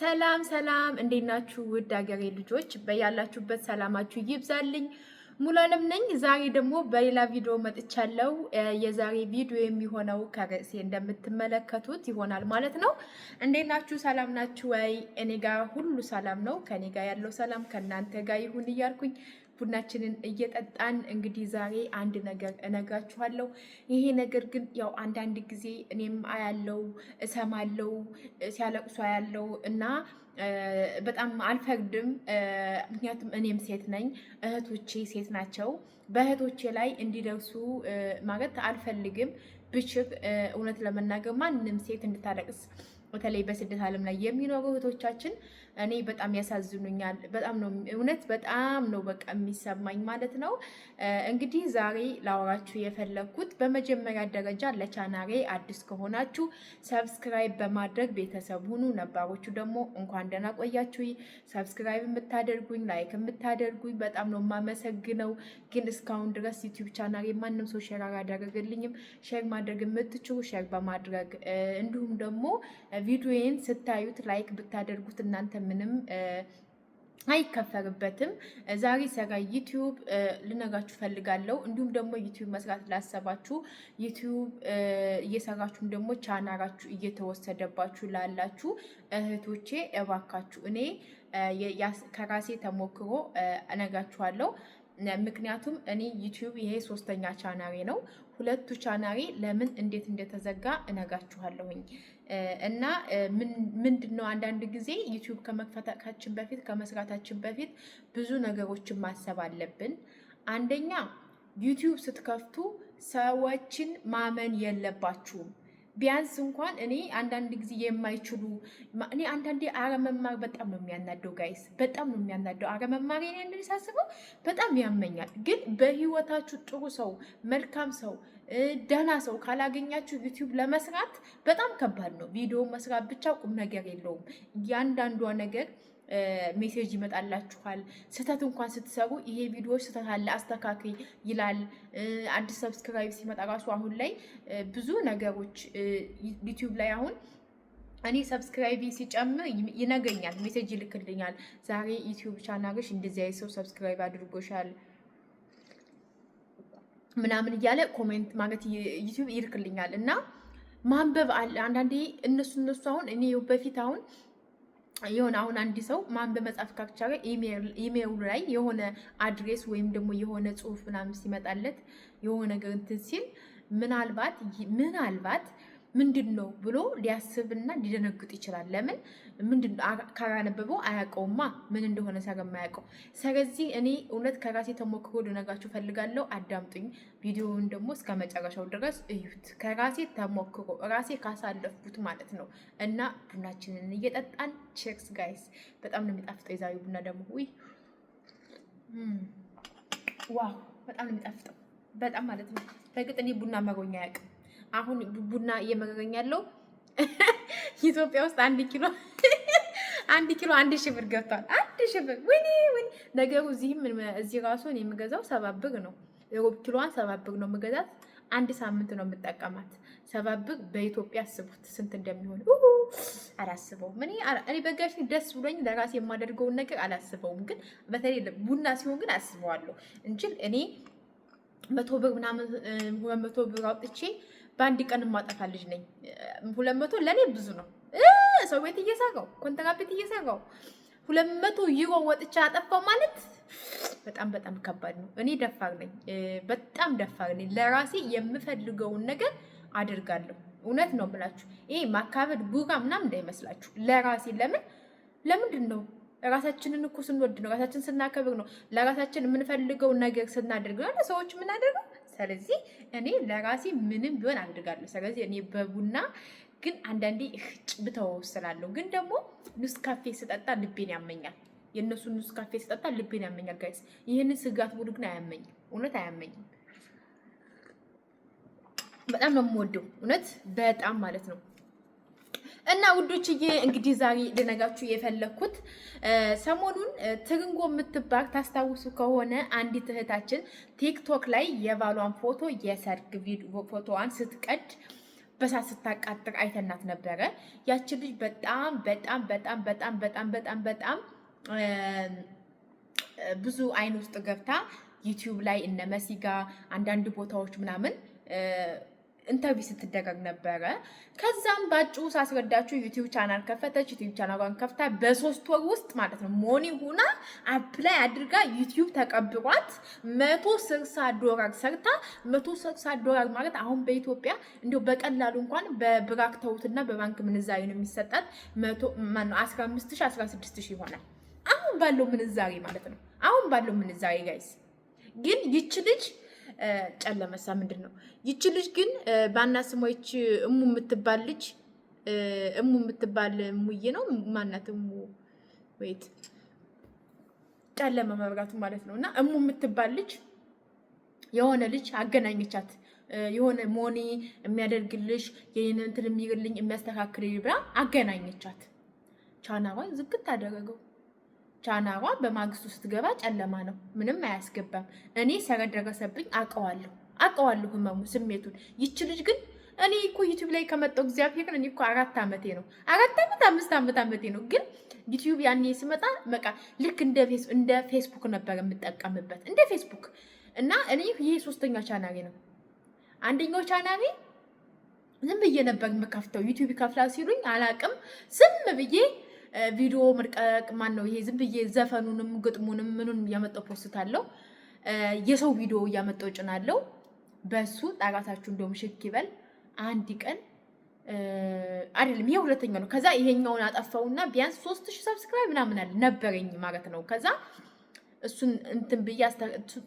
ሰላም ሰላም፣ እንዴት ናችሁ ውድ ሀገሬ ልጆች? በያላችሁበት ሰላማችሁ ይብዛልኝ። ሙሉ አለም ነኝ። ዛሬ ደግሞ በሌላ ቪዲዮ መጥቻለሁ። የዛሬ ቪዲዮ የሚሆነው ከርዕሴ እንደምትመለከቱት ይሆናል ማለት ነው። እንዴት ናችሁ? ሰላም ናችሁ ወይ? እኔ ጋር ሁሉ ሰላም ነው። ከኔ ጋር ያለው ሰላም ከእናንተ ጋር ይሁን እያልኩኝ ቡናችንን እየጠጣን እንግዲህ ዛሬ አንድ ነገር እነግራችኋለሁ። ይሄ ነገር ግን ያው አንዳንድ ጊዜ እኔም አያለው እሰማለው፣ ሲያለቅሱ ያለው እና በጣም አልፈርድም። ምክንያቱም እኔም ሴት ነኝ፣ እህቶቼ ሴት ናቸው። በእህቶቼ ላይ እንዲደርሱ ማለት አልፈልግም። ብችር እውነት ለመናገር ማንም ሴት እንድታለቅስ በተለይ በስደት ዓለም ላይ የሚኖሩ እህቶቻችን እኔ በጣም ያሳዝኑኛል። በጣም ነው እውነት፣ በጣም ነው በቃ የሚሰማኝ ማለት ነው። እንግዲህ ዛሬ ላወራችሁ የፈለግኩት በመጀመሪያ ደረጃ ለቻናሬ አዲስ ከሆናችሁ ሰብስክራይብ በማድረግ ቤተሰብ ሁኑ። ነባሮቹ ደግሞ እንኳን ደህና ቆያችሁ። ሰብስክራይብ የምታደርጉኝ ላይክ የምታደርጉኝ በጣም ነው የማመሰግነው። ግን እስካሁን ድረስ ዩቲዩብ ቻናሬ ማንም ሰው ሼር አላደረገልኝም። ሼር ማድረግ የምትችሉ ሼር በማድረግ እንዲሁም ደግሞ ቪዲዮዬን ስታዩት ላይክ ብታደርጉት እናንተ ምንም አይከፈልበትም። ዛሬ ሰራ ዩቲዩብ ልነጋችሁ ፈልጋለሁ። እንዲሁም ደግሞ ዩቲዩብ መስራት ላሰባችሁ ዩቲዩብ እየሰራችሁም ደግሞ ቻናራችሁ እየተወሰደባችሁ ላላችሁ እህቶቼ እባካችሁ እኔ ከራሴ ተሞክሮ እነግራችኋለሁ። ምክንያቱም እኔ ዩቲዩብ ይሄ ሶስተኛ ቻናሬ ነው። ሁለቱ ቻናሬ ለምን እንዴት እንደተዘጋ እነጋችኋለሁኝ። እና ምንድን ነው አንዳንድ ጊዜ ዩቲዩብ ከመክፈታችን በፊት ከመስራታችን በፊት ብዙ ነገሮችን ማሰብ አለብን። አንደኛ ዩቲዩብ ስትከፍቱ ሰዎችን ማመን የለባችሁም። ቢያንስ እንኳን እኔ አንዳንድ ጊዜ የማይችሉ እኔ አንዳንዴ አረመማር በጣም ነው የሚያናደው፣ ጋይስ በጣም ነው የሚያናደው አረመማር። እኔ ሳስበው በጣም ያመኛል። ግን በህይወታችሁ ጥሩ ሰው መልካም ሰው ደህና ሰው ካላገኛችሁ ዩቲዩብ ለመስራት በጣም ከባድ ነው። ቪዲዮ መስራት ብቻ ቁም ነገር የለውም። እያንዳንዷ ነገር ሜሴጅ ይመጣላችኋል። ስህተት እንኳን ስትሰሩ ይሄ ቪዲዮ ስህተት አለ አስተካክል ይላል። አዲስ ሰብስክራይብ ሲመጣ ራሱ አሁን ላይ ብዙ ነገሮች ዩቲዩብ ላይ አሁን እኔ ሰብስክራይቢ ሲጨምር ይነገኛል፣ ሜሴጅ ይልክልኛል። ዛሬ ዩቲዩብ ቻናልሽ እንደዚህ ሰው ሰብስክራይብ አድርጎሻል ምናምን እያለ ኮሜንት ማለት ዩቲዩብ ይርክልኛል እና ማንበብ አለ አንዳንዴ እነሱ እነሱ አሁን እኔ በፊት አሁን የሆነ አሁን አንድ ሰው ማንበብ መጻፍ ካልቻለ ኢሜይሉ ላይ የሆነ አድሬስ ወይም ደግሞ የሆነ ጽሁፍ ምናምን ሲመጣለት የሆነ ነገር እንትን ሲል ምናልባት ምናልባት ምንድን ነው ብሎ ሊያስብና ሊደነግጥ ይችላል። ለምን ምንድን ካላነበበው አያውቀውማ ምን እንደሆነ አያውቀው ስለዚህ እኔ እውነት ከራሴ ተሞክሮ ልነግራችሁ ፈልጋለሁ። አዳምጡኝ። ቪዲዮውን ደግሞ እስከ መጨረሻው ድረስ እዩት። ከራሴ ተሞክሮ ራሴ ካሳለፍኩት ማለት ነው። እና ቡናችንን እየጠጣን ቼርስ ጋይስ። በጣም ነው የሚጣፍጠው የዛሬው ቡና ደግሞ ዋው፣ በጣም ነው የሚጣፍጠው። በጣም ማለት ነው። በእርግጥ እኔ ቡና መሮኛ አያውቅም አሁን ቡና እየመገኝ ያለው ኢትዮጵያ ውስጥ አንድ ኪሎ አንድ ኪሎ አንድ ሺህ ብር ገብቷል። አንድ ሺህ ብር ወይኔ ወይኔ ነገሩ እዚህም እዚህ ራሱ እኔ የምገዛው ሰባ ብር ነው። ሩብ ኪሎዋን ሰባት ብር ነው የምገዛት። አንድ ሳምንት ነው የምጠቀማት። ሰባት ብር በኢትዮጵያ አስቡት ስንት እንደሚሆን አላስበውም። እኔ በጋሽ ደስ ብሎኝ ለራሴ የማደርገውን ነገር አላስበውም፣ ግን በተለይ ቡና ሲሆን ግን አስበዋለሁ እንጂ እኔ መቶ ብር ምናምን መቶ ብር አውጥቼ በአንድ ቀን ማጠፋ ልጅ ነኝ። ሁለት መቶ ለእኔ ብዙ ነው። ሰው ቤት እየሰራው ኮንትራ ቤት እየሰራው ሁለት መቶ ዩሮ ወጥቻ አጠፋው ማለት በጣም በጣም ከባድ ነው። እኔ ደፋር ነኝ፣ በጣም ደፋር ነኝ። ለራሴ የምፈልገውን ነገር አድርጋለሁ። እውነት ነው ብላችሁ ይሄ ማካበድ ቡራ ምናምን እንዳይመስላችሁ። ለራሴ ለምን ለምንድን ነው ራሳችንን እኮ ስንወድ ነው፣ ራሳችን ስናከብር ነው፣ ለራሳችን የምንፈልገው ነገር ስናደርግ ነው። ሰዎች የምናደርገው ስለዚህ እኔ ለራሴ ምንም ቢሆን አድርጋለሁ። ስለዚህ እኔ በቡና ግን አንዳንዴ ህጭ ብተወው ስላለሁ፣ ግን ደግሞ ኑስ ካፌ ስጠጣ ልቤን ያመኛል። የእነሱን ኑስ ካፌ ስጠጣ ልቤን ያመኛል። ጋይስ ይህንን ስጋት ቡድ ግን አያመኝም፣ እውነት አያመኝም። በጣም ነው የምወደው እውነት በጣም ማለት ነው። እና ውዶችዬ እንግዲህ ዛሬ ልነጋችሁ የፈለግኩት ሰሞኑን ትርንጎ የምትባል ታስታውሱ ከሆነ አንዲት እህታችን ቲክቶክ ላይ የባሏን ፎቶ የሰርግ ፎቶዋን ስትቀድ በሳት ስታቃጥር አይተናት ነበረ። ያችን ልጅ በጣም በጣም በጣም በጣም በጣም በጣም በጣም ብዙ አይን ውስጥ ገብታ ዩቲዩብ ላይ እነ መሲጋ አንዳንድ ቦታዎች ምናምን ኢንተርቪው ስትደረግ ነበረ። ከዛም ባጭሩ ሳስረዳችሁ ዩቲዩብ ቻናል ከፈተች። ዩቲዩብ ቻናሏን ከፍታ በሶስት ወር ውስጥ ማለት ነው ሞኒ ሁና አፕላይ አድርጋ ዩቲዩብ ተቀብሯት መቶ ስልሳ ዶላር ሰርታ መቶ ስልሳ ዶላር ማለት አሁን በኢትዮጵያ እንዲሁ በቀላሉ እንኳን በብራክ ተውትና በባንክ ምንዛሬ ነው የሚሰጣት አስራ አምስት ሺህ አስራ ስድስት ሺህ ይሆናል አሁን ባለው ምንዛሬ ማለት ነው። አሁን ባለው ምንዛሬ ጋይስ ግን ይች ልጅ ጨለመሳ ምንድን ነው? ይቺ ልጅ ግን ባና ስሟ ይቺ እሙ የምትባል ልጅ እሙ የምትባል ሙዬ ነው ማናት? እሙ ወይት ጨለመ መብጋቱ ማለት ነው። እና እሙ የምትባል ልጅ የሆነ ልጅ አገናኘቻት። የሆነ ሞኔ የሚያደርግልሽ የእኔን የሚልኝ የሚያስተካክል ብላ አገናኘቻት። ቻናዋይ ዝግት አደረገው። ቻናሯ በማግስቱ ስትገባ ጨለማ ነው፣ ምንም አያስገባም። እኔ ሰረደረሰብኝ አቀዋለሁ አቀዋለሁ ህመሙ ስሜቱን። ይች ልጅ ግን እኔ እኮ ዩቲዩብ ላይ ከመጣው እግዚአብሔርን እኔ እኮ አራት ዓመቴ ነው አራት ዓመት አምስት ዓመት ዓመቴ ነው። ግን ዩቲዩብ ያኔ ስመጣ በቃ ልክ እንደ ፌስቡክ ነበር የምጠቀምበት እንደ ፌስቡክ እና እኔ ይህ ሶስተኛ ቻናሌ ነው። አንደኛው ቻናሌ ዝም ብዬ ነበር የምከፍተው ዩቲዩብ ከፍላ ሲሉኝ አላቅም ዝም ብዬ ቪዲዮ መልቀቅ ማን ነው ይሄ ዝም ብዬ ዘፈኑንም ግጥሙንም ምኑን እያመጣው ፖስት አለው የሰው ቪዲዮ እያመጣው ጭናለው። በሱ ጣጋታችሁ እንደውም ሽክ ይበል። አንድ ቀን አይደለም ይሄ ሁለተኛ ነው። ከዛ ይሄኛውን አጠፋውና ቢያንስ ሶስት ሺህ ሰብስክራይብ ምናምን አለ ነበረኝ ማለት ነው። ከዛ እሱን እንትን ብዬ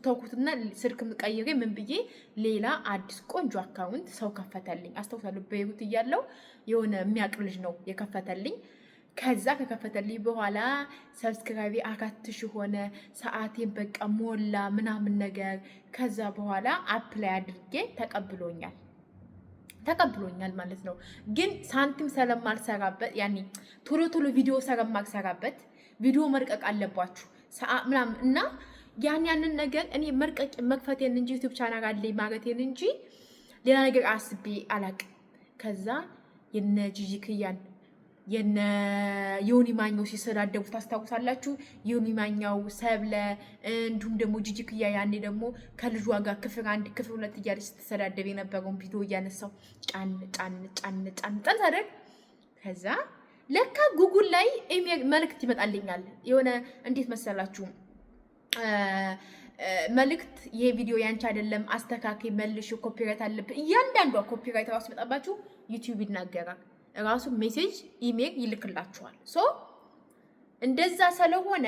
ተውኩትና ስልክም ቀይሬ ምን ብዬ ሌላ አዲስ ቆንጆ አካውንት ሰው ከፈተልኝ። አስታውሳለሁ በይሁት እያለው የሆነ የሚያቅር ልጅ ነው የከፈተልኝ። ከዛ ከከፈተልኝ በኋላ ሰብስክራይቢ አራት ሺህ ሆነ። ሰዓቴን በቃ ሞላ ምናምን ነገር። ከዛ በኋላ አፕላይ አድርጌ ተቀብሎኛል ተቀብሎኛል ማለት ነው። ግን ሳንቲም ስለማልሰራበት ያኔ ቶሎ ቶሎ ቪዲዮ ስለማልሰራበት ቪዲዮ መርቀቅ አለባችሁ ምናምን እና ያን ያንን ነገር እኔ መርቀቅ መክፈቴን እንጂ ዩቱብ ቻናል አለኝ ማለቴን እንጂ ሌላ ነገር አስቤ አላቅም። ከዛ የነ ጂጂክያን የነ ዮኒ ማኛው ሲሰዳደቡ ታስታውሳላችሁ። ዮኒ ማኛው ሰብለ፣ እንዲሁም ደግሞ ጂጂክያ ያኔ ደግሞ ከልጇ ጋር ክፍል አንድ ክፍል ሁለት እያለች ስትሰዳደብ የነበረውን ቪዲዮ እያነሳው ጫን ጫን ጫን ጫን ጫን ታደርግ። ከዛ ለካ ጉጉል ላይ መልእክት ይመጣልኛል። የሆነ እንዴት መሰላችሁ መልእክት ይሄ ቪዲዮ ያንቺ አይደለም፣ አስተካክይ፣ መልሽ፣ ኮፒራይት አለብን። እያንዳንዷ ኮፒራይት ራሱ መጣባችሁ ዩቲዩብ ይናገራል። ራሱ ሜሴጅ ኢሜል ይልክላችኋል። ሶ እንደዛ ስለሆነ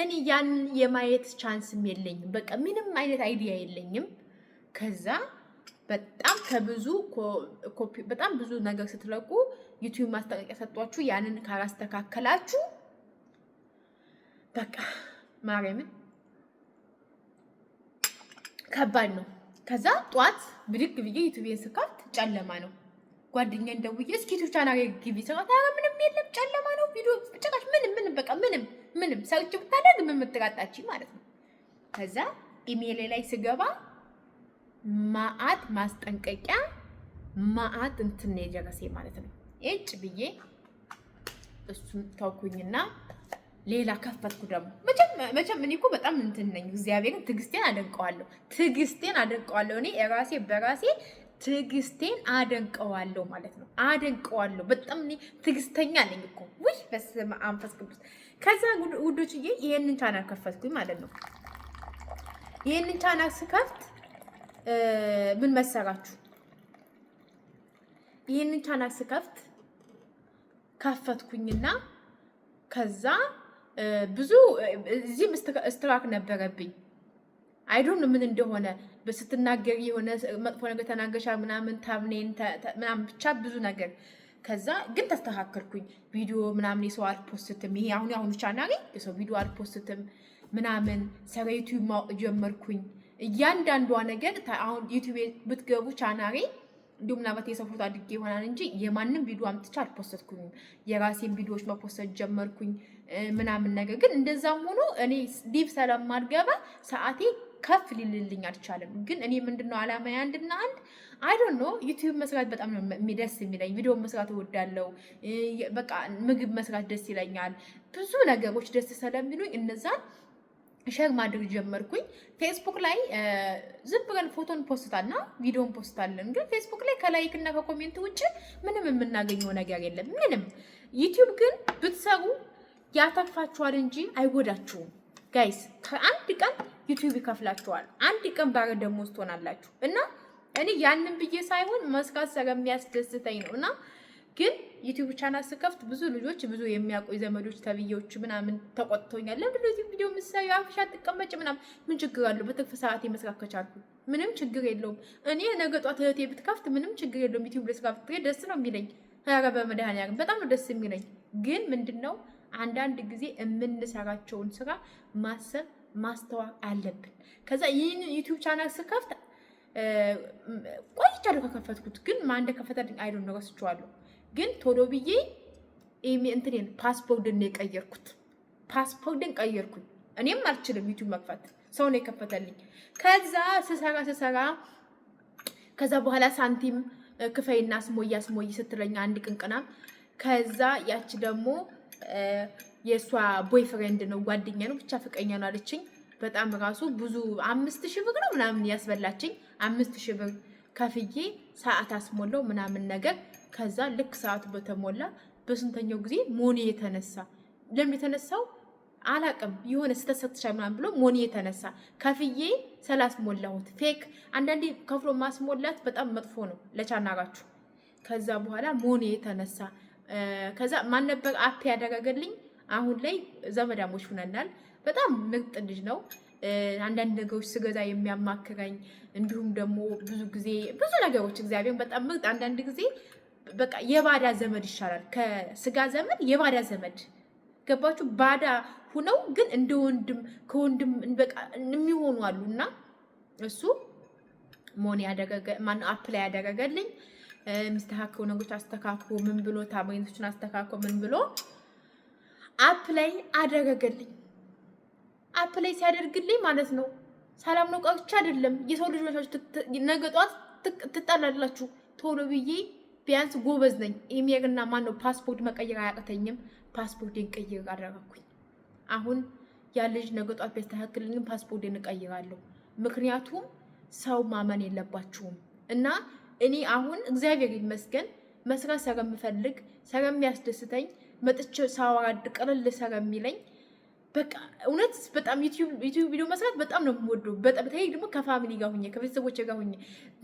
እኔ ያንን የማየት ቻንስም የለኝም። በቃ ምንም አይነት አይዲያ የለኝም። ከዛ በጣም ከብዙ በጣም ብዙ ነገር ስትለቁ ዩቲዩብ ማስጠንቀቂያ ሰጧችሁ። ያንን ካላስተካከላችሁ በቃ ማርያምን ከባድ ነው። ከዛ ጠዋት ብድግ ብዬ ዩቲዩብን ስካፍት ጨለማ ነው። ጓደኛ ደውዬ እስኪ ቻና ቻናል ግቢ ስራት፣ ምንም የለም ጨለማ ነው ቪዲዮ ጭቃሽ ምንም ምንም በቃ ምንም ምንም ሰርች ብታደርግ ምን ምትራጣች ማለት ነው። ከዛ ኢሜል ላይ ስገባ ማአት ማስጠንቀቂያ ማአት እንትን የደረሴ ማለት ነው። እጭ ብዬ እሱን ተውኩኝና ሌላ ከፈትኩ ደግሞ መቼም እኔ እኮ በጣም እንትን ነኝ። እግዚአብሔርን ትዕግስቴን አደንቀዋለሁ፣ ትዕግስቴን አደንቀዋለሁ። እኔ ራሴ በራሴ ትዕግስቴን አደንቀዋለሁ ማለት ነው። አደንቀዋለሁ በጣም እኔ ትዕግስተኛ ነኝ እኮ ውይ፣ በስመ አብ መንፈስ ቅዱስ። ከዛ ውዶችዬ ይህንን ቻናል ከፈትኩኝ ማለት ነው። ይህንን ቻናል ስከፍት ምን መሰራችሁ? ይህንን ቻናል ስከፍት ከፈትኩኝና ከዛ ብዙ እዚህም እስትራክ ነበረብኝ አይዶን ምን እንደሆነ ስትናገር የሆነ መጥፎ ነገር ተናገሻ ምናምን ታምኔን ምናምን ብቻ ብዙ ነገር ከዛ ግን ተስተካከልኩኝ። ቪዲዮ ምናምን የሰው አልፖስትም። ይሄ አሁን አሁኑ ቻናል የሰው ቪዲዮ አልፖስትም ምናምን ሰራ ዩቲዩብ ማወቅ ጀመርኩኝ። እያንዳንዷ ነገር አሁን ዩቲዩብ ብትገቡ ቻናሬ እንዲሁም ምናልባት የሰው ፎቶ አድጌ ይሆናል እንጂ የማንም ቪዲዮ አምጥቼ አልፖስትኩኝም። የራሴን ቪዲዮዎች መፖሰት ጀመርኩኝ ምናምን ነገር ግን እንደዛም ሆኖ እኔ ዲቭ ዲብ ስለማልገባ ሰዓቴ ከፍ ሊልልኝ አልቻለም። ግን እኔ ምንድነው አላማ አንድና አንድ አይዶን ነው ዩቲዩብ መስራት በጣም ነው ደስ የሚለኝ። ቪዲዮ መስራት እወዳለሁ። በቃ ምግብ መስራት ደስ ይለኛል። ብዙ ነገሮች ደስ ስለሚሉኝ እነዛን ሸር ማድረግ ጀመርኩኝ። ፌስቡክ ላይ ዝም ብለን ፎቶን ፖስታና ቪዲዮን ፖስታለን፣ ግን ፌስቡክ ላይ ከላይክ እና ከኮሜንት ውጭ ምንም የምናገኘው ነገር የለም። ምንም ዩቲዩብ ግን ብትሰሩ ያተርፋችኋል እንጂ አይጎዳችሁም። ጋይስ ከአንድ ቀን ዩቲዩብ ይከፍላችኋል። አንድ ቀን ባረ ደሞዝ ትሆናላችሁ። እና እኔ ያንን ብዬ ሳይሆን መስራት ስለሚያስደስተኝ ነው። እና ግን ዩቲዩብ ቻናል ስከፍት ብዙ ልጆች ብዙ የሚያውቁ ዘመዶች ተብዬዎች ምናምን ተቆጥቶኛል። ለምንድን ነው እዚህ ቪዲዮ የምትሰሪ አፍሻ ትቀመጭ ምናምን? ምን ችግር አለው? በትርፍ ሰዓት መስራት ከቻልኩ ምንም ችግር የለውም። እኔ ነገ ጧት እህቴ ብትከፍት ምንም ችግር የለውም። ዩቲዩብ ለስራ ብትሄድ ደስ ነው የሚለኝ። ኧረ በመድኃኒዓለም በጣም ነው ደስ የሚለኝ። ግን ምንድን ነው አንዳንድ ጊዜ የምንሰራቸውን ስራ ማሰብ ማስተዋ አለብን። ከዛ ይህን ዩቲዩብ ቻናል ስከፍት ቆይቻለሁ ከከፈትኩት፣ ግን ማን እንደከፈተልኝ አይዶ ነገር ግን ቶሎ ብዬ እንትኔን ፓስፖርድን የቀየርኩት ፓስፖርድን ቀየርኩኝ። እኔም አልችልም ዩቲዩብ መክፈት፣ ሰው ነው የከፈተልኝ። ከዛ ስሰራ ስሰራ ከዛ በኋላ ሳንቲም ክፈይና ስሞያ ስሞይ ስትለኝ አንድ ቅንቅናም ከዛ ያች ደግሞ የእሷ ቦይፍሬንድ ነው ጓደኛ ነው ብቻ ፍቅረኛ ነው አለችኝ። በጣም ራሱ ብዙ አምስት ሺህ ብር ነው ምናምን ያስበላችኝ። አምስት ሺህ ብር ከፍዬ ሰዓት አስሞላው ምናምን ነገር። ከዛ ልክ ሰዓቱ በተሞላ በስንተኛው ጊዜ ሞኔ የተነሳ ለምን የተነሳው አላቅም የሆነ ስተሰጥሻ ምናምን ብሎ ሞኒ የተነሳ ከፍዬ ስላስሞላሁት ፌክ። አንዳንዴ ከፍሎ ማስሞላት በጣም መጥፎ ነው ለቻናራችሁ። ከዛ በኋላ ሞኒ የተነሳ ከዛ ማን ነበር አፕ ያደረገልኝ አሁን ላይ ዘመዳሞች ሁነናል። በጣም ምርጥ ልጅ ነው። አንዳንድ ነገሮች ስገዛ የሚያማክረኝ እንዲሁም ደግሞ ብዙ ጊዜ ብዙ ነገሮች እግዚአብሔር በጣም ምርጥ አንዳንድ ጊዜ በቃ የባዳ ዘመድ ይሻላል ከስጋ ዘመድ የባዳ ዘመድ ገባችሁ? ባዳ ሁነው ግን እንደ ወንድም ከወንድም በቃ የሚሆኑ አሉ እና እሱ ሞን ያደረገ ማነው አፕላይ ያደረገልኝ የሚስተካከሉ ነገሮች አስተካክሎ ምን ብሎ ታማኝቶችን አስተካክሎ ምን ብሎ አፕ ላይ አደረገልኝ። አፕ ላይ ሲያደርግልኝ ማለት ነው ሰላም ነው ቃ አይደለም የሰው ልጅ መቻች ነገ ጠዋት ትጣላላችሁ። ቶሎ ብዬ ቢያንስ ጎበዝ ነኝ። ኢሜልና ማን ነው ፓስፖርት መቀየር አያቅተኝም። ፓስፖርቴን ቀይር አደረኩኝ። አሁን ያ ልጅ ነገ ጠዋት ቢያስተካክልኝም ፓስፖርቴን እቀይራለሁ። ምክንያቱም ሰው ማመን የለባችሁም እና እኔ አሁን እግዚአብሔር ይመስገን መስራት ስለምፈልግ ስለሚያስደስተኝ መጥቼ ሳዋድ ቀለል ሰራ የሚለኝ በቃ እውነት በጣም ዩቲዩብ ቪዲዮ መስራት በጣም ነው የምወደው። በተለይ ደግሞ ከፋሚሊ ጋር ሁኜ ከቤተሰቦች ጋር ሁኜ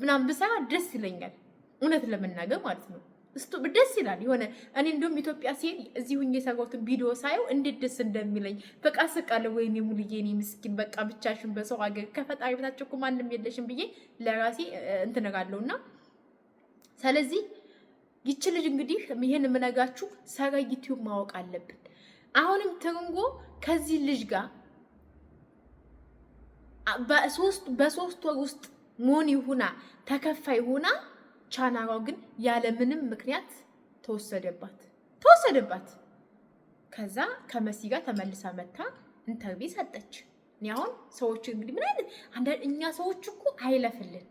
ምናምን ብሰራ ደስ ይለኛል፣ እውነት ለመናገር ማለት ነው። ደስ ይላል የሆነ እኔ እንደውም ኢትዮጵያ ሲሄድ እዚሁ ሁኜ የሰራሁትን ቪዲዮ ሳየው እንዴት ደስ እንደሚለኝ በቃ ስቃለሁ። ወይኔ ሙሉዬ፣ እኔ ምስኪን በቃ ብቻሽን በሰው ሀገር ከፈጣሪ በታች እኮ ማንም የለሽም ብዬ ለራሴ እንትነጋለሁ እና ስለዚህ ይቺ ልጅ እንግዲህ ይህን የምነጋችሁ ዩቲዩብ ማወቅ አለብን። አሁንም ትርንጎ ከዚህ ልጅ ጋር በሶስት ወር ውስጥ ሞኒ ሁና ተከፋይ ሁና ቻናሯ ግን ያለምንም ምክንያት ተወሰደባት ተወሰደባት። ከዛ ከመሲ ጋር ተመልሳ መታ ኢንተርቪው ሰጠች። እኔ አሁን ሰዎች እንግዲህ ምን አይነት አንዳንድ እኛ ሰዎች እኮ አይለፍልን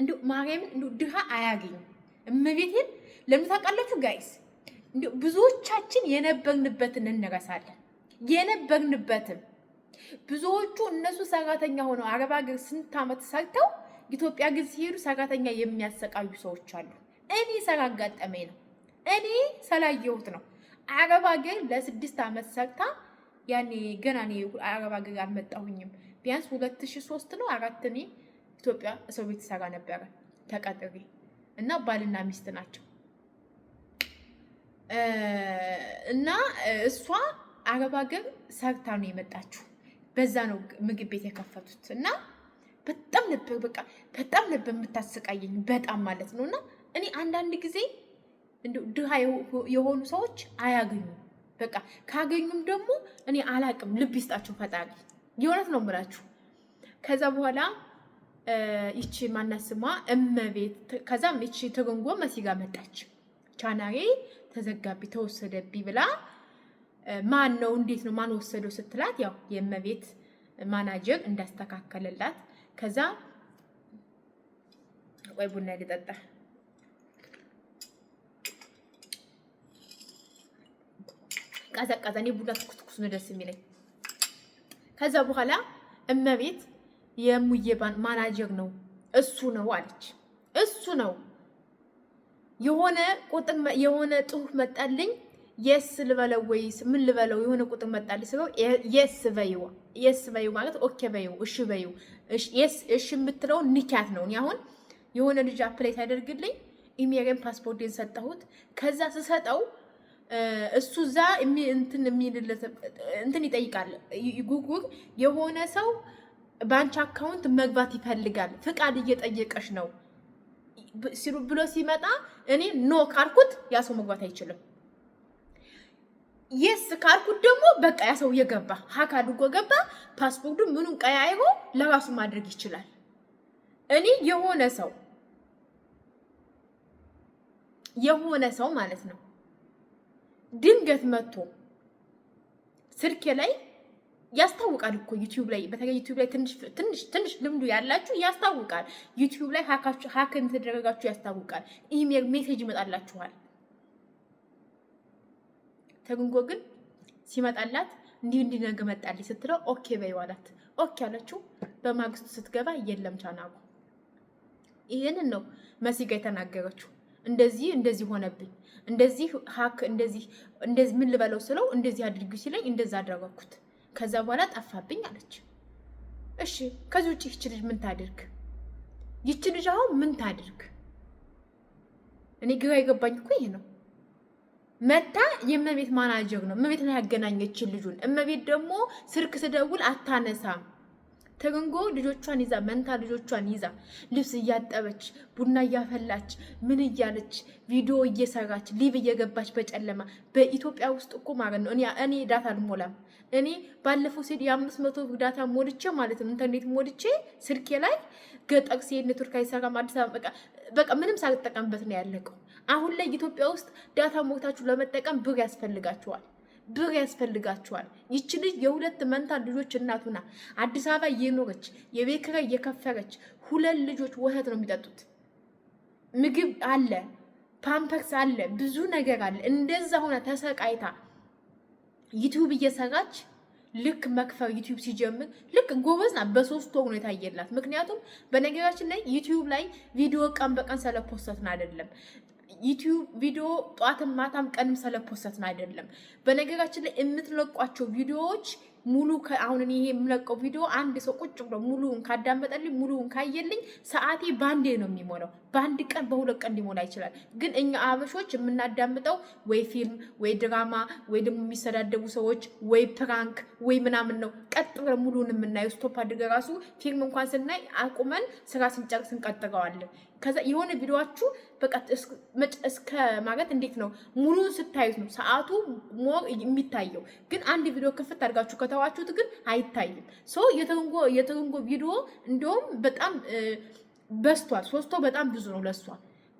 እንዲ ማርያምን እንዲ ድሃ አያገኝም እምቤቴን ለምን ታውቃላችሁ ጋይስ? ብዙዎቻችን የነበርንበትን እንረሳለን። የነበርንበትን ብዙዎቹ እነሱ ሰራተኛ ሆነው አረብ ሀገር ስንት ዓመት ሰርተው ኢትዮጵያ ግን ሲሄዱ ሰራተኛ የሚያሰቃዩ ሰዎች አሉ። እኔ ሰራ አጋጠመኝ ነው፣ እኔ ሰላየሁት ነው። አረብ ሀገር ለስድስት ዓመት ሰርታ ያኔ ገና እኔ አረብ ሀገር አልመጣሁኝም። ቢያንስ ሁለት ሺ ሶስት ነው አራት እኔ ኢትዮጵያ እሰው ቤት ሰራ ነበረ ተቀጥሬ እና ባልና ሚስት ናቸው እና እሷ አረብ ሀገር ሰርታ ነው የመጣችው። በዛ ነው ምግብ ቤት የከፈቱት እና በጣም ነበር በቃ በጣም ነበር የምታሰቃየኝ በጣም ማለት ነው። እና እኔ አንዳንድ ጊዜ ድሃ የሆኑ ሰዎች አያገኙም። በቃ ካገኙም ደግሞ እኔ አላቅም፣ ልብ ይስጣቸው ፈጣሪ። የእውነት ነው የምላችሁ። ከዛ በኋላ ይቺ ማናት ስሟ እመቤት፣ ከዛም ይቺ ትርንጎ መሲጋ መጣች ቻናሬ ተዘጋቢ ተወሰደቢ ብላ ማን ነው እንዴት ነው ማን ወሰደው ስትላት፣ ያው የእመቤት ማናጀር እንዳስተካከለላት ከዛ ወይ ቡና ልጠጣ ቀዘቀዘ። እኔ ቡና ትኩስትኩስ ነው ደስ የሚለኝ። ከዛ በኋላ እመቤት የሙዬ ማናጀር ነው እሱ ነው አለች። እሱ ነው የሆነ ቁጥር የሆነ ጽሁፍ መጣልኝ። የስ ልበለው ወይስ ምን ልበለው? የሆነ ቁጥር መጣልኝ ስለው የስ በይው፣ የስ በይው ማለት ኦኬ በይው፣ እሺ በይው። የስ እሺ የምትለው ንኪያት ነው። እኔ አሁን የሆነ ልጅ አፕላይ ታደርግልኝ፣ ኢሜልን ፓስፖርቴን ሰጠሁት። ከዛ ስሰጠው እሱ እዛ እንትን የሚልለት እንትን ይጠይቃል ጉጉግ የሆነ ሰው ባንች አካውንት መግባት ይፈልጋል፣ ፍቃድ እየጠየቀሽ ነው ሲሉ ብሎ ሲመጣ እኔ ኖ ካልኩት ያ ሰው መግባት አይችልም። የስ ካልኩት ደግሞ በቃ ያ ሰው እየገባ ሀክ አድርጎ ገባ። ፓስፖርቱ ምኑን ቀያይሮ ለራሱ ማድረግ ይችላል። እኔ የሆነ ሰው የሆነ ሰው ማለት ነው ድንገት መጥቶ ስልኬ ላይ ያስታውቃል እኮ ዩቲዩብ ላይ በተለይ ዩቲዩብ ላይ ትንሽ ትንሽ ልምዱ ያላችሁ ያስታውቃል። ዩቲዩብ ላይ ሀክ እንደተደረጋችሁ ያስታውቃል። ኢሜል ሜሴጅ ይመጣላችኋል። ተግንጎ ግን ሲመጣላት እንዲህ እንዲህ ነገር መጣልኝ ስትለው ኦኬ በይው አላት። ኦኬ አለችው። በማግስቱ ስትገባ የለም ቻናሉ። ይህንን ነው መሲጋ የተናገረችው። እንደዚህ እንደዚህ ሆነብኝ፣ እንደዚህ ሀክ እንደዚህ እንደዚህ ምን ልበለው ስለው እንደዚህ አድርጊ ሲለኝ እንደዛ አደረኩት። ከዛ በኋላ ጠፋብኝ አለች። እሺ ከዚህ ውጭ ይች ልጅ ምን ታድርግ? ይች ልጅ አሁን ምን ታድርግ? እኔ ግራ የገባኝ እኮ ይሄ ነው። መታ የእመቤት ማናጀር ነው እመቤት ነው ያገናኘችን ልጁን። እመቤት ደግሞ ስልክ ስደውል አታነሳም። ትርንጎ ልጆቿን ይዛ መንታ ልጆቿን ይዛ ልብስ እያጠበች ቡና እያፈላች ምን እያለች ቪዲዮ እየሰራች ሊቭ እየገባች በጨለማ በኢትዮጵያ ውስጥ እኮ ማለት ነው። እኔ ዳታ አልሞላም እኔ ባለፈው ሴድ የአምስት መቶ ዳታ ሞድቼ ማለት ነው ኢንተርኔት ሞድቼ ስልኬ ላይ ገጠቅ ሲሄድ ኔትወርክ አይሰራም። አዲስ አበባ በቃ ምንም ሳልጠቀምበት ነው ያለቀው። አሁን ላይ ኢትዮጵያ ውስጥ ዳታ ሞታችሁ ለመጠቀም ብር ያስፈልጋችኋል፣ ብር ያስፈልጋችኋል። ይች ልጅ የሁለት መንታ ልጆች እናቱና አዲስ አበባ እየኖረች የቤት ኪራይ እየከፈረች ሁለት ልጆች ወተት ነው የሚጠጡት፣ ምግብ አለ፣ ፓምፐርስ አለ፣ ብዙ ነገር አለ። እንደዛ ሆነ ተሰቃይታ ዩቲዩብ እየሰራች ልክ መክፈር ዩቲዩብ ሲጀምር ልክ ጎበዝ በሶስት ወር ነው የታየላት። ምክንያቱም በነገራችን ላይ ዩቲዩብ ላይ ቪዲዮ ቀን በቀን ስለፖስተትን አይደለም ዩቲዩብ ቪዲዮ ጠዋትም ማታም ቀንም ስለፖስተትን አይደለም። በነገራችን ላይ የምትለቋቸው ቪዲዮዎች ሙሉ አሁን ይሄ የምለቀው ቪዲዮ አንድ ሰው ቁጭ ብሎ ሙሉውን ካዳመጠልኝ ሙሉውን ካየልኝ ሰዓቴ ባንዴ ነው የሚሞላው። በአንድ ቀን በሁለት ቀን ሊሞላ ይችላል። ግን እኛ አበሾች የምናዳምጠው ወይ ፊልም ወይ ድራማ ወይ ደግሞ የሚሰዳደቡ ሰዎች ወይ ፕራንክ ወይ ምናምን ነው። ቀጥ ብለን ሙሉን የምናየው ስቶፕ አድርገ ራሱ ፊልም እንኳን ስናይ አቁመን ስራ ስንጨርስ እንቀጥረዋለን። ከዛ የሆነ ቪዲዮችሁ በቃ እስከ ማለት እንዴት ነው ሙሉን ስታዩት ነው ሰዓቱ ሞር የሚታየው። ግን አንድ ቪዲዮ ክፍት አድርጋችሁ ከተዋችሁት ግን አይታይም። ሶ የትርንጎ ቪዲዮ እንዲሁም በጣም በስቷል። ሶስቶ በጣም ብዙ ነው ለእሷ።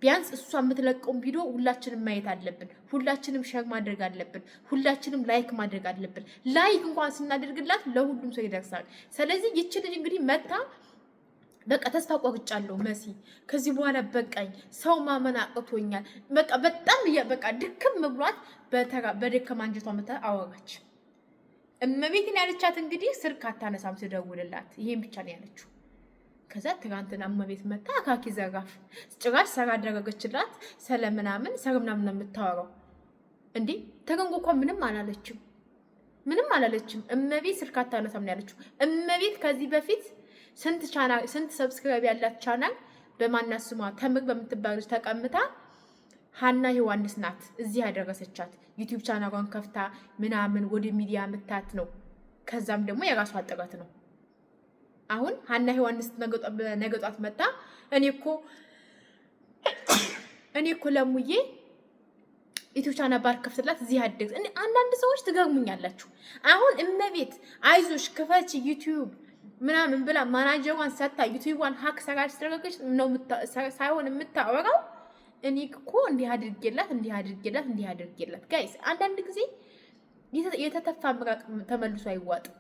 ቢያንስ እሷ የምትለቀውን ቪዲዮ ሁላችንም ማየት አለብን። ሁላችንም ሸግ ማድረግ አለብን። ሁላችንም ላይክ ማድረግ አለብን። ላይክ እንኳን ስናደርግላት ለሁሉም ሰው ይደርሳል። ስለዚህ ይች ልጅ እንግዲህ መታ በቃ ተስፋ ቆርጫለሁ መሲ፣ ከዚህ በኋላ በቃኝ፣ ሰው ማመን አቅቶኛል። በቃ በጣም በቃ ድክም ብሏት በደከም አንጀቷ መታ አወራች። እመቤትን ያለቻት እንግዲህ ስልክ አታነሳም ስደውልላት፣ ይሄን ብቻ ነው ያለችው። ከዛ ትናንትና እመቤት መታ አካኪ ዘራፍ ጭራሽ ሰራ አደረገችላት። ምናምን ሰር ምናምን የምታወራው እንዴ ተገንጎ እኮ ምንም አላለችም፣ ምንም አላለችም። እመቤት ስልክ አታነሳም ነው ያለችው። እመቤት ከዚህ በፊት ስንት ቻናል ስንት ሰብስክራይብ ያላት ቻናል በማናት ስሟ ተምር በምትባል ልጅ ተቀምታ ሀና ዮሐንስ ናት እዚህ ያደረሰቻት ዩቲዩብ ቻናሏን ከፍታ ምናምን ወደ ሚዲያ ምታት ነው። ከዛም ደግሞ የራሷ ጥረት ነው። አሁን ሀና ዮሐንስ ነገጧት መጣ እኔ እኮ እኔ እኮ ለሙዬ ኢትዮቻና ባር ከፍትላት እዚህ አደግ እኔ አንዳንድ ሰዎች ትገርሙኛላችሁ። አሁን እመቤት አይዞሽ ክፈች ዩቲዩብ ምናምን ብላ ማናጀሯን ሰታ ዩቲዩቧን ሀክ ሰራች ተደረገች ነው ሳይሆን የምታወራው እኔ እኮ እንዲህ አድርጌላት እንዲህ አድርጌላት እንዲህ አድርጌላት። ጋይስ አንዳንድ ጊዜ የተተፋ ምራቅ ተመልሶ አይዋጥም።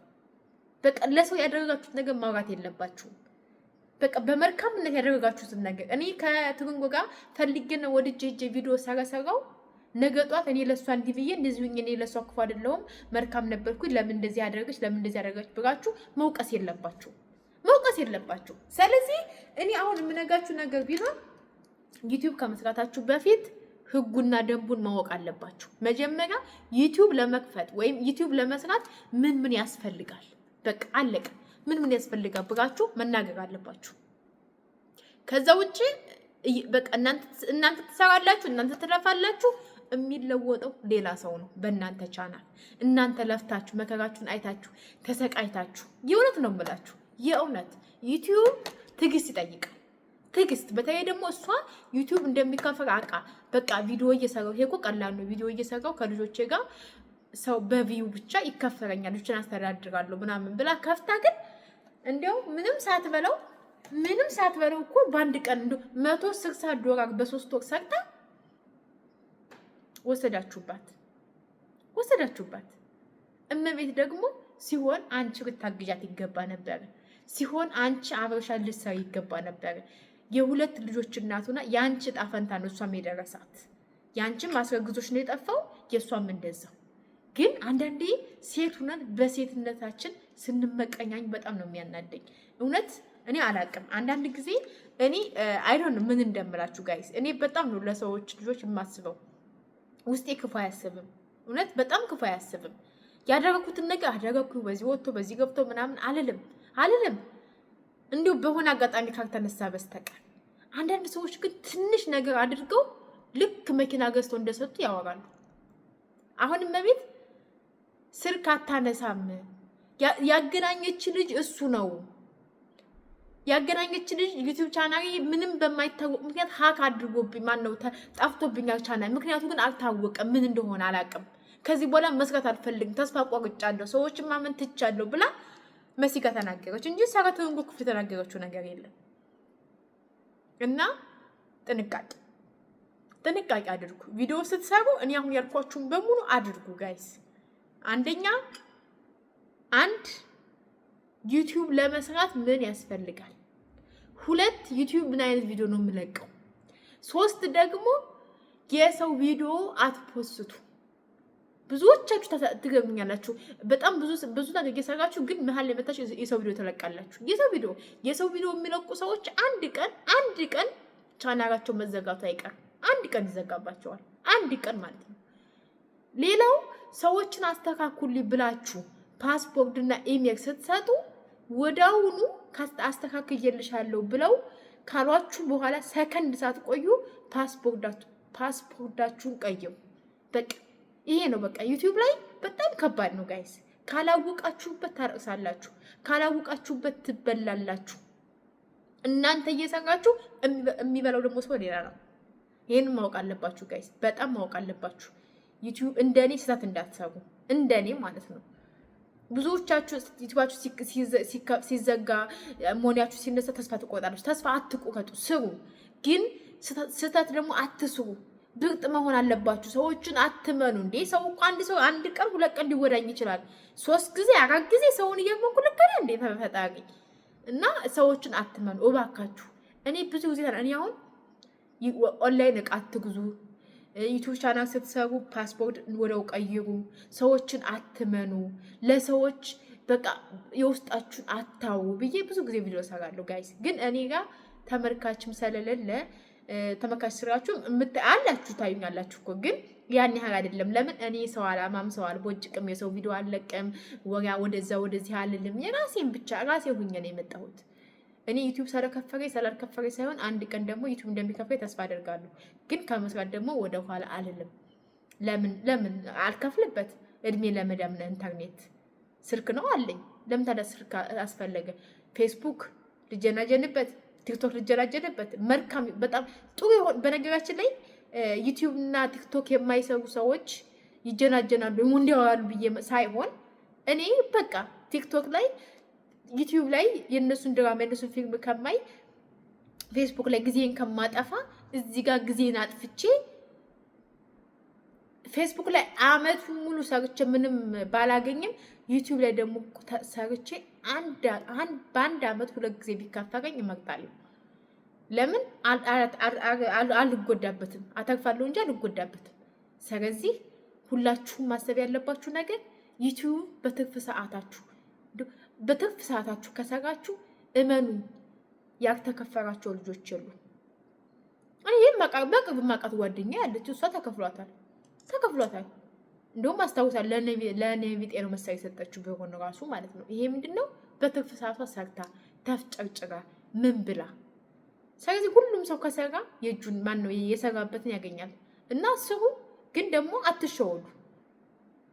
በቃ ለሰው ያደረጋችሁት ነገር ማውራት የለባችሁም። በቃ በመልካምነት ያደረጋችሁትን ነገር እኔ ከትርንጎ ጋር ፈልጌ ነው ወድጄ ሂጄ ቪዲዮ ሳረሰራው ነገ ጧት እኔ ለእሷ እንዲህ ብዬ እንደዚህ እኔ ለእሷ ክፉ አይደለሁም መልካም ነበርኩ፣ ለምን እንደዚህ ያደረገች ለምን እንደዚህ ያደረገች ብላችሁ መውቀስ የለባችሁ መውቀስ የለባችሁ። ስለዚህ እኔ አሁን የምነጋችሁ ነገር ቢሆን ዩቲዩብ ከመስራታችሁ በፊት ህጉና ደንቡን ማወቅ አለባችሁ። መጀመሪያ ዩቲዩብ ለመክፈት ወይም ዩቲዩብ ለመስራት ምን ምን ያስፈልጋል በቃ አለቀ። ምን ምን ያስፈልጋ ብላችሁ መናገር አለባችሁ። ከዛ ውጭ በቃ እናንተ ትሰራላችሁ፣ እናንተ ትለፋላችሁ። የሚለወጠው ሌላ ሰው ነው በእናንተ ቻናል። እናንተ ለፍታችሁ መከራችሁን አይታችሁ ተሰቃይታችሁ፣ የእውነት ነው የምላችሁ የእውነት ዩቲዩብ ትዕግስት ይጠይቃል። ትዕግስት በተለይ ደግሞ እሷ ዩቲዩብ እንደሚከፍር አቃ በቃ ቪዲዮ እየሰራው ሄኮ ቀላል ነው ቪዲዮ እየሰራው ከልጆቼ ጋር ሰው በቪው ብቻ ይከፈለኛል ብቻን አስተዳድራለሁ ምናምን ብላ ከፍታ ግን እንዲያው ምንም ሳትበለው ምንም ሳትበለው እኮ በአንድ ቀን እንዲ መቶ ስልሳ ዶላር በሶስት ወር ሰርታ ወሰዳችሁባት ወሰዳችሁባት። እመቤት ደግሞ ሲሆን አንቺ ልታግዣት ይገባ ነበር። ሲሆን አንቺ አብረሻ ልትሰሪ ይገባ ነበር። የሁለት ልጆች እናቱና የአንቺ ጣፈንታ ነው እሷም የደረሳት። የአንቺም አስረግዞች ነው የጠፋው፣ የእሷም እንደዛው ግን አንዳንዴ ሴት ሁነን በሴትነታችን ስንመቀኛኝ በጣም ነው የሚያናደኝ። እውነት እኔ አላቅም። አንዳንድ ጊዜ እኔ አይዶን ምን እንደምላችሁ ጋይስ፣ እኔ በጣም ነው ለሰዎች ልጆች የማስበው። ውስጤ ክፉ አያስብም፣ እውነት በጣም ክፉ አያስብም። ያደረግኩትን ነገር አደረግኩ፣ በዚህ ወጥቶ በዚህ ገብቶ ምናምን አልልም አልልም፣ እንዲሁ በሆነ አጋጣሚ ካልተነሳ በስተቀር። አንዳንድ ሰዎች ግን ትንሽ ነገር አድርገው ልክ መኪና ገዝተው እንደሰጡ ያወራሉ። አሁንም መቤት ስልክ አታነሳም። ያገናኘች ልጅ እሱ ነው ያገናኘች ልጅ ዩቲብ ቻናል ምንም በማይታወቅ ምክንያት ሀክ አድርጎብኝ ማነው ጠፍቶብኛል ቻናል። ምክንያቱ ግን አልታወቀም፣ ምን እንደሆነ አላውቅም። ከዚህ በኋላ መስጋት አልፈልግም፣ ተስፋ ቆርጫለሁ፣ ሰዎችን ማመን ትቻለሁ ብላ መሲጋ ተናገረች እንጂ ሰራተንጎ ክፍል የተናገረችው ነገር የለም። እና ጥንቃቄ ጥንቃቄ አድርጉ። ቪዲዮ ስትሰሩ እኔ አሁን ያልኳችሁን በሙሉ አድርጉ ጋይስ። አንደኛ አንድ ዩቲዩብ ለመስራት ምን ያስፈልጋል? ሁለት ዩቲዩብ ምን አይነት ቪዲዮ ነው የምለቀው? ሶስት ደግሞ የሰው ቪዲዮ አትፖስቱ። ብዙዎቻችሁ ትገብኛላችሁ። በጣም ብዙ ብዙ ነገር እየሰራችሁ ግን መሀል ላይ የሰው ቪዲዮ ተለቃላችሁ የሰው ቪዲዮ የሰው ቪዲዮ የሚለቁ ሰዎች አንድ ቀን አንድ ቀን ቻናላቸው መዘጋቱ አይቀርም። አንድ ቀን ይዘጋባቸዋል። አንድ ቀን ማለት ነው። ሌላው ሰዎችን አስተካክሉልኝ ብላችሁ እና ኢሜል ስትሰጡ ወዳውኑ አስተካክዬልሻለሁ ብለው ካሏችሁ በኋላ ሰከንድ ሳትቆዩ ፓስፖርታችሁን ቀየው። በቃ ይሄ ነው። በቃ ዩቲዩብ ላይ በጣም ከባድ ነው ጋይስ። ካላወቃችሁበት ታረቅሳላችሁ፣ ካላወቃችሁበት ትበላላችሁ። እናንተ እየሰጋችሁ የሚበላው ደግሞ ሰው ሌላ ነው። ይህን ማወቅ አለባችሁ ጋይስ፣ በጣም ማወቅ አለባችሁ። ዩቲዩብ እንደኔ ስህተት እንዳትሰሩ እንደኔ ማለት ነው። ብዙዎቻችሁ ዩቲዩባችሁ ሲዘጋ ሞኒያችሁ ሲነሳ ተስፋ ትቆጣለች። ተስፋ አትቁረጡ፣ ስሩ። ግን ስህተት ደግሞ አትስሩ። ብርጥ መሆን አለባችሁ። ሰዎችን አትመኑ እንዴ! ሰው እኮ አንድ ሰው አንድ ቀን ሁለት ቀን ሊወዳኝ ይችላል። ሶስት ጊዜ አራት ጊዜ ሰውን እየመንኩ ልከዳ እንዴ ተፈጣሪ እና ሰዎችን አትመኑ እባካችሁ። እኔ ብዙ ጊዜ እኔ አሁን ኦንላይን እቃ አትግዙ ዩቱብ ቻናል ስትሰሩ ፓስፖርት ወደው ቀይሩ። ሰዎችን አትመኑ። ለሰዎች በቃ የውስጣችሁን አታው ብዬ ብዙ ጊዜ ቪዲዮ ሰራለሁ ጋይስ። ግን እኔ ጋር ተመልካችም ስለሌለ ተመልካች ስራችሁ አላችሁ ታዩኛላችሁ እኮ ግን ያን ያህል አይደለም። ለምን እኔ ሰው አላማም፣ ሰው አልቦጭቅም፣ የሰው ቪዲዮ አልለቅም፣ ወጋ ወደዛ ወደዚህ አልልም። የራሴን ብቻ ራሴ ሁኜ ነው የመጣሁት። እኔ ዩቲዩብ ስለከፈለኝ ስላልከፈለኝ ሳይሆን አንድ ቀን ደግሞ ዩቲዩብ እንደሚከፍለኝ ተስፋ አደርጋለሁ። ግን ከመስራት ደግሞ ወደ ኋላ አልልም። ለምን ለምን አልከፍልበት? እድሜ ለመዳምነ ኢንተርኔት ስልክ ነው አለኝ። ለምን ታዲያ ስልክ አስፈለገ? ፌስቡክ ልጀናጀንበት፣ ቲክቶክ ልጀናጀንበት። መልካም በጣም ጥሩ ይሆን። በነገራችን ላይ ዩቲዩብ እና ቲክቶክ የማይሰሩ ሰዎች ይጀናጀናሉ እንዲያዋሉ ብዬ ሳይሆን እኔ በቃ ቲክቶክ ላይ ዩቲዩብ ላይ የእነሱን ድራማ የእነሱን ፊልም ከማይ ፌስቡክ ላይ ጊዜን ከማጠፋ እዚህ ጋር ጊዜን አጥፍቼ ፌስቡክ ላይ አመቱ ሙሉ ሰርቼ ምንም ባላገኝም ዩቲዩብ ላይ ደግሞ ሰርቼ በአንድ አመት ሁለት ጊዜ ቢካፈረኝ እመርጣለሁ። ለምን አልጎዳበትም? አተርፋለሁ እንጂ አልጎዳበትም። ስለዚህ ሁላችሁም ማሰብ ያለባችሁ ነገር ዩቲዩብ በትርፍ ሰዓታችሁ በትርፍ ሰዓታችሁ ከሰራችሁ እመኑ ያልተከፈራቸው ልጆች የሉ። እኔ ይህም በቅርብ ማቃት ጓደኛ ያለች እሷ ተከፍሏታል ተከፍሏታል። እንደውም አስታውሳል ለነቢጤ ነው መሳሪያ የሰጠችው ቢሆን ራሱ ማለት ነው። ይሄ ምንድን ነው? በትርፍ ሰዓቷ ሰርታ ተፍጨርጭራ ምን ብላ። ስለዚህ ሁሉም ሰው ከሰራ የእጁን ማን ነው የሰራበትን ያገኛል። እና ስሩ፣ ግን ደግሞ አትሸወዱ።